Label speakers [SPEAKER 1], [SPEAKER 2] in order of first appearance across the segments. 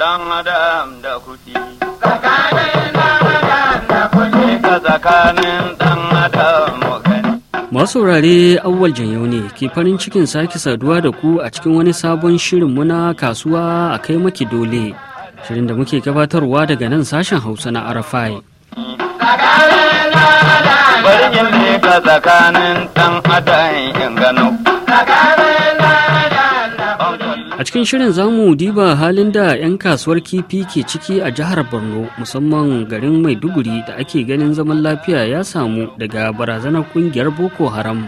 [SPEAKER 1] Dan adam da kuɗi. Masu wurare awwal janyo ne ke farin cikin sake saduwa da ku a cikin wani sabon shirin muna kasuwa a kai maki dole. Shirin da muke gabatarwa daga nan sashen Hausa na Arafai. Bari ka tsakanin ɗan adam A cikin shirin zamu diba halin da 'yan kasuwar kifi ke ciki a jihar Borno musamman garin Maiduguri da ake ganin zaman lafiya ya samu daga barazanar kungiyar Boko Haram.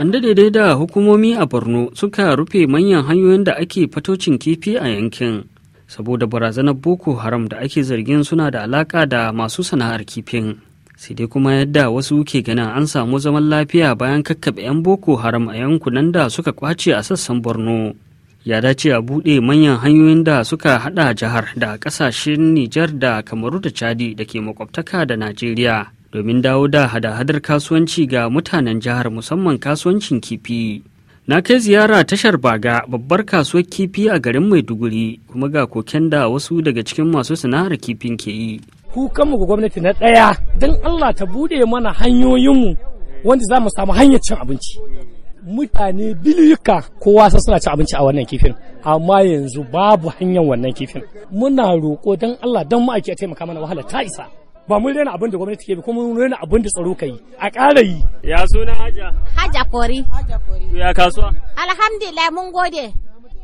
[SPEAKER 1] An daidai da hukumomi a Borno suka rufe manyan hanyoyin da ake fatocin kifi a yankin. saboda barazanar boko haram da ake zargin suna da alaka da masu sana'ar kifin sai dai kuma yadda wasu ke ganin an samu zaman lafiya bayan kakkaɓe 'yan boko haram a yankunan da suka kwace a sassan borno ya dace a buɗe manyan hanyoyin da suka haɗa jihar da ƙasashen nijar da kamaru da chadi da ke makwabtaka da najeriya domin dawo da hada-hadar kasuwanci ga mutanen jihar musamman kasuwancin kifi na kai ziyara tashar baga babbar kasuwar kifi a garin maiduguri kuma ga koken da wasu daga cikin masu sana'ar kifin ke yi
[SPEAKER 2] kukanmu ga gwamnati na ɗaya don Allah ta buɗe mana hanyoyinmu wanda za mu samu hanyar cin abinci. Mutane biliyuka kowa sa suna cin abinci a wannan kifin, amma yanzu babu hanyar wannan kifin. Muna roƙo don Allah don ma'aiki a taimaka mana wahala ta isa. Ba mun rena abin da gwamnati ke bi kuma mun rena abin da tsaro ka yi a ƙara yi.
[SPEAKER 1] Ya suna Haja. Haja Kori. Haja Kori. Ya kasuwa. Alhamdulillah mun gode.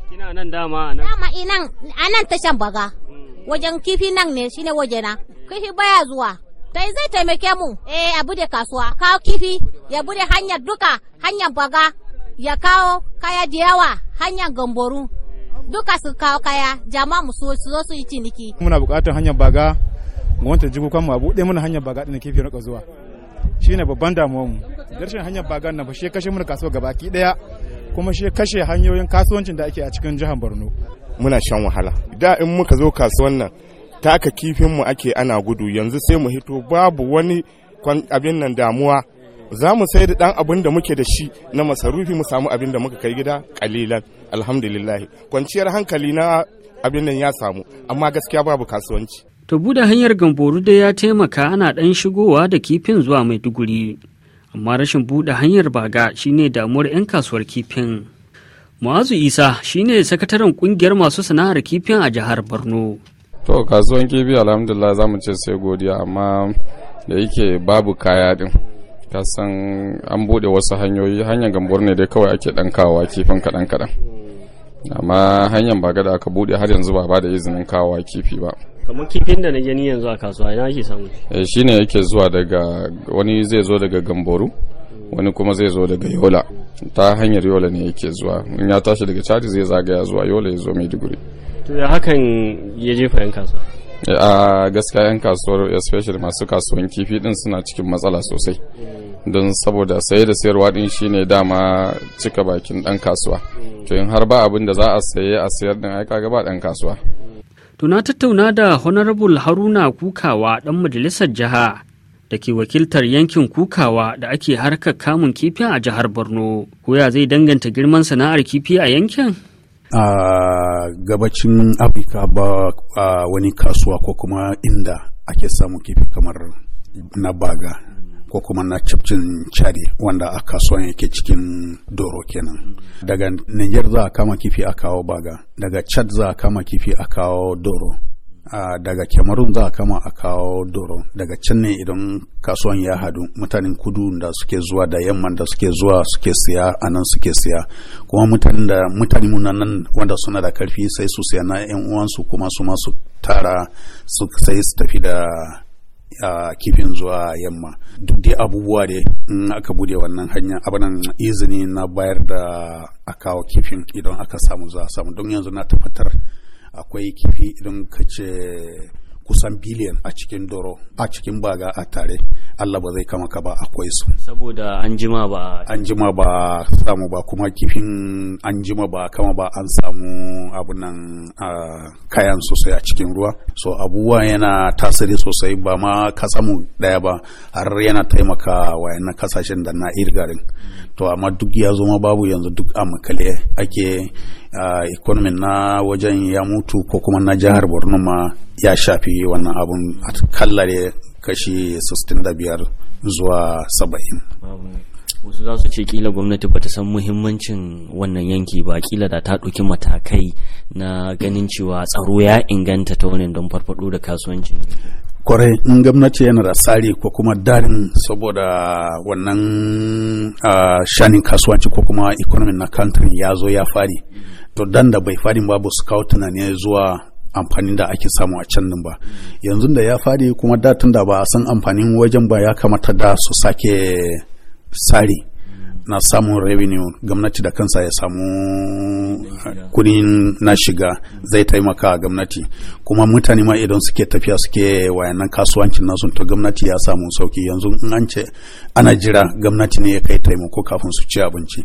[SPEAKER 1] Kina nan dama a nan. Dama inan a nan tashan baga. Hmm. Wajen kifi nan ne shine wajena. kifi baya zuwa tai zai taimake mu eh a bude kasuwa kawo kifi ya bude hanyar duka hanyar baga ya kawo kaya da yawa hanyar gamboru duka su kawo kaya jama mu su zo su yi ciniki
[SPEAKER 3] muna buƙatar hanyar baga wanta jigo kan mu a buɗe mana hanyar baga ɗin kifi rika zuwa shi ne babban damuwar mu rashin hanyar baga nan ba shi kashe mana kasuwa gabaki ɗaya kuma shi kashe hanyoyin kasuwancin da ake a cikin jihar Borno
[SPEAKER 2] muna shan wahala da in muka zo kasuwan nan taka kifinmu ake ana gudu yanzu sai mu hito babu wani abin nan damuwa za mu sai da ɗan abin da muke da shi na masarufi mu samu abin da muka kai gida kalilan alhamdulillahi kwanciyar hankali na abin nan ya samu amma gaskiya babu kasuwanci
[SPEAKER 1] to buɗe hanyar gamboru da ya taimaka ana ɗan shigowa da kifin zuwa maiduguri amma rashin buɗe hanyar baga shine damuwar 'yan kasuwar kifin mu'azu isa shine sakataren kungiyar masu sana'ar kifin a jihar borno
[SPEAKER 2] to kasuwan kifi alhamdulillah za mu ce sai godiya amma da yake babu kaya din kasan an bude wasu hanyoyi hanyar gambuwar ne dai kawai ake dan kawowa kifin kaɗan kaɗan amma hanyar ba gada aka bude har yanzu ba ba da izinin kawowa kifi ba
[SPEAKER 1] kamar kifin da na gani yanzu a kasuwa ina ake
[SPEAKER 2] samu eh shine yake zuwa daga wani zai zo daga gamboru wani kuma zai zo daga yola ta hanyar yola ne yake zuwa in ya tashi daga chadi zai zagaya zuwa yola ya zo maiduguri
[SPEAKER 1] to hakan ya jefa yan kasuwa
[SPEAKER 2] a gaskiya yan kasuwar especially masu kasuwan kifi din suna cikin matsala sosai mm. don saboda saye da sayarwa din shine dama cika bakin dan kasuwa mm. to in har ba abin da za a saye a sayar din ai kaga ba dan kasuwa mm.
[SPEAKER 1] to na tattauna da honorable haruna kukawa dan majalisar jiha da ke wakiltar yankin kukawa da ake harkar kamun kifi a jihar borno ko ya zai danganta girman sana'ar kifi a yankin
[SPEAKER 3] a gabacin afirka ba a wani kasuwa ko kuma inda ake samun kifi kamar na baga ko kuma na cibcin cari wanda a kasuwan yake cikin doro kenan daga niger za a kama kifi a kawo baga daga chad za a kama kifi a kawo doro daga cameroon za a kama a kawo doron daga can ne idan kasuwan ya hadu mutanen kudu da suke zuwa da yamma da suke zuwa suke siya a nan suke siya kuma mutanen da mutane nan wanda suna da karfi sai su siya na yan uwansu kuma su ma tara su sai su tafi da a kifin zuwa yamma duk dai abubuwa da in aka bude wannan hanya abinan izini na bayar da a kawo kifin idan aka samu za a samu don yanzu na tabbatar akwai kifi idan ka kusan biliyan a cikin doro a cikin baga a tare Allah ba zai kama ka ba akwai su
[SPEAKER 1] saboda an jima ba an
[SPEAKER 3] jima ba samu ba kuma kifin an jima ba kama ba an samu abu nan kayan sosai a cikin ruwa so abubuwa yana tasiri sosai ba ma ka samu daya ba har yana taimaka wa yana kasashen da na irgarin to amma duk ya zo ma babu yanzu duk a makale ake a ah, ikonomin na wajen ya mutu ko kuma na jihar borno ma ya shafi wannan abun a kallare kashi 65 zuwa 70
[SPEAKER 1] wasu za su ce kila gwamnati bata san muhimmancin wannan yanki ba kila da ta ɗauki matakai na ganin cewa tsaro ya inganta ta wani don farfado da kasuwancin
[SPEAKER 3] kwarai in gwamnati yana da tsari ko kuma darin saboda wannan ah, shanin kasuwanci ko kuma ikonomin na country ya zo ya fari to dan da bai fadin babu su kawo tunani zuwa amfanin da ake samu a can nan ba yanzu da ya fadi kuma da da ba a san amfanin wajen ba ya kamata da su sake sari na samun revenue gwamnati da kansa ya samu eh, kudin na shiga zai taimaka gwamnati kuma mutane ma idan suke tafiya suke wayannan kasuwancin nasu to gwamnati ya samu sauki yanzu in an ce ana jira gwamnati ne ya kai taimako kafin su ci abinci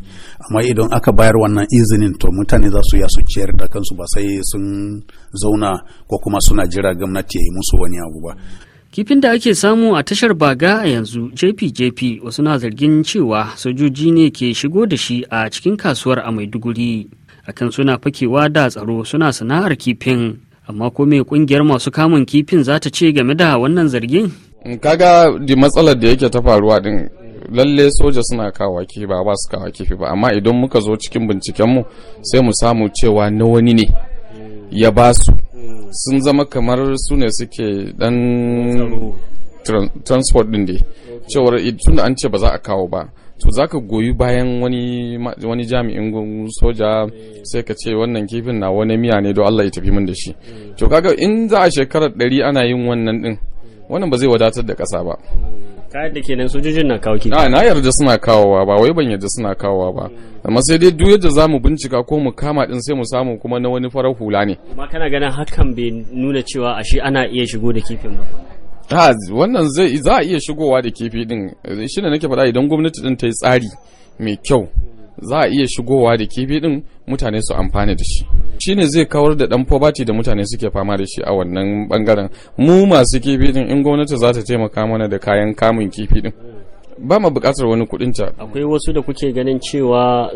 [SPEAKER 3] amma idan aka bayar wannan izinin to mutane za su ya su ciyar da kansu ba sai sun zauna ko kuma suna jira gwamnati ya yi musu wani abu ba
[SPEAKER 1] kifin da ake samu a tashar baga a yanzu jpjp wasu na zargin cewa sojoji ne ke shigo da shi a cikin kasuwar a maiduguri akan suna fakewa da tsaro suna sana'ar kifin amma ko me kungiyar masu kamun kifin za ta ce game da wannan zargin
[SPEAKER 2] in kaga di matsalar da yake ta faruwa din lalle soja suna kawo kifi ba ba su kawo kifi ba amma idan muka zo cikin bincikenmu sai mu samu cewa na wani ne ya ba su sun zama kamar su ne suke dan transport din cewar tun da an ce ba za a kawo ba to za ka goyi bayan wani jami'in soja eh. sai ka ce wannan kifin na wani miya ne don Allah ya tafi min da shi eh. to kaga in za a shekarar ɗari ana yin wannan din eh. wannan ba zai wadatar da kasa ba kayan da kenan sojojin na kawo ki ah, na yarda suna kawowa ba wai ban yarda suna kawowa ba amma sai dai duk yadda zamu bincika ko mu kama din sai mu samu kuma na wani farar hula ne
[SPEAKER 1] amma kana ganin hakan bai nuna cewa ashe ana iya shigo da kifin
[SPEAKER 2] ba ha ah, wannan zai za a iya shigowa da kifi din shi ne nake faɗa idan gwamnati din ta yi tsari mai kyau za a iya shigowa da kifi din mutane su amfana da shi Shi ne zai kawar da dan poverty da mutane suke fama da shi a wannan bangaren mu masu kifi din in gwamnati za ta taimaka mana da kayan kamun kifi din ba ma bukatar wani kudin ta akwai wasu da kuke
[SPEAKER 1] ganin cewa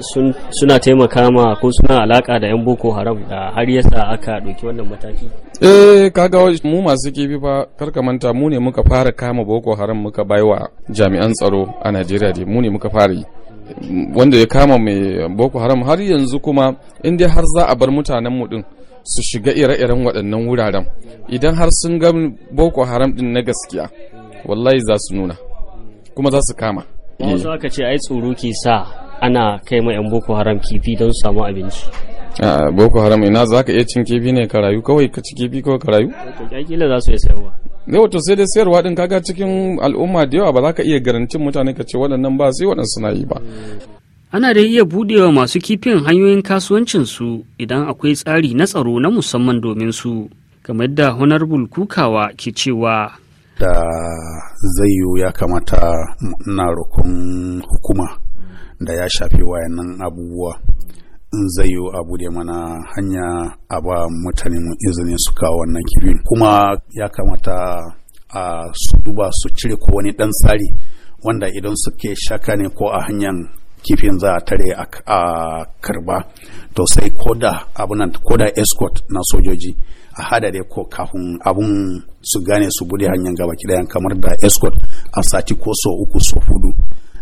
[SPEAKER 1] suna taimaka ma ko suna alaka da yan boko haram da har yasa aka ɗauki wannan mataki
[SPEAKER 2] eh kaga mu masu kifi fa karka manta mu ne muka fara kama boko haram muka baiwa jami'an tsaro a Najeriya dai mu ne muka fara yi wanda ya kama mai boko haram har yanzu kuma in dai har za a bar mutanen mu din su shiga ire-iren waɗannan wuraren idan har sun ga boko haram din na gaskiya wallahi za su nuna kuma za su kama wasu eh. aka ce ai tsoro ke sa
[SPEAKER 1] ana kai ma 'yan boko haram kifi don samu abinci
[SPEAKER 2] boko haram ina za ka iya cin kifi ne ka rayu kawai ka ci kifi kawai ka rayu za su iya sayarwa yau to sai dai sayarwa din kaga cikin al'umma da yawa ba za ka iya garantin mutane ka ce waɗannan ba sai waɗansu na yi ba ana da iya buɗewa masu kifin hanyoyin kasuwancin su idan akwai tsari na tsaro
[SPEAKER 1] na musamman domin su kamar da honorable kukawa ke cewa da
[SPEAKER 3] zai yiwu ya kamata na rukun hukuma da ya shafi wayannan abubuwa zai yi a da mana hanya a ba mutane izinin su kawo wannan kifin kuma ya kamata a su duba su cire ko wani dan tsari wanda idan suke shaka ne ko a hanyar kifin za a tare a karba to sai koda abunan koda escort na sojoji a hada ko kafin abun su gane su bude hanyar gaba kidayan kamar da escort a sati ko so uku so hudu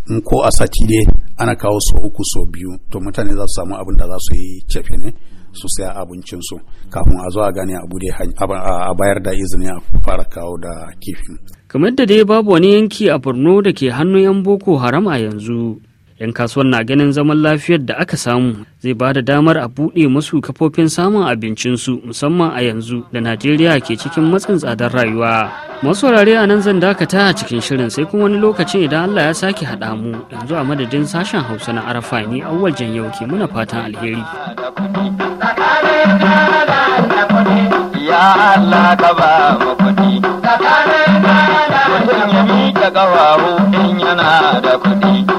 [SPEAKER 3] in ko a sati dai ana kawo so uku so biyu to mutane za su samu abin da za su yi cefe ne su saya abincinsu kafin a zo a gane a bude a bayar da izini a fara kawo da kifin
[SPEAKER 1] kamar da dai babu wani yanki a borno da ke hannun yan boko haram a yanzu 'yan kasuwan na ganin zaman lafiyar da aka samu zai ba da damar a buɗe masu kafofin samun abincinsu musamman a yanzu da najeriya ke cikin matsin tsadar rayuwa masu wurare a nan zan dakata a cikin shirin sai kuma wani lokaci idan allah ya sake haɗa mu yanzu a madadin sashen hausa na arafa ni awwal jan ke muna fatan alheri
[SPEAKER 3] ya Allah yana da kuɗi.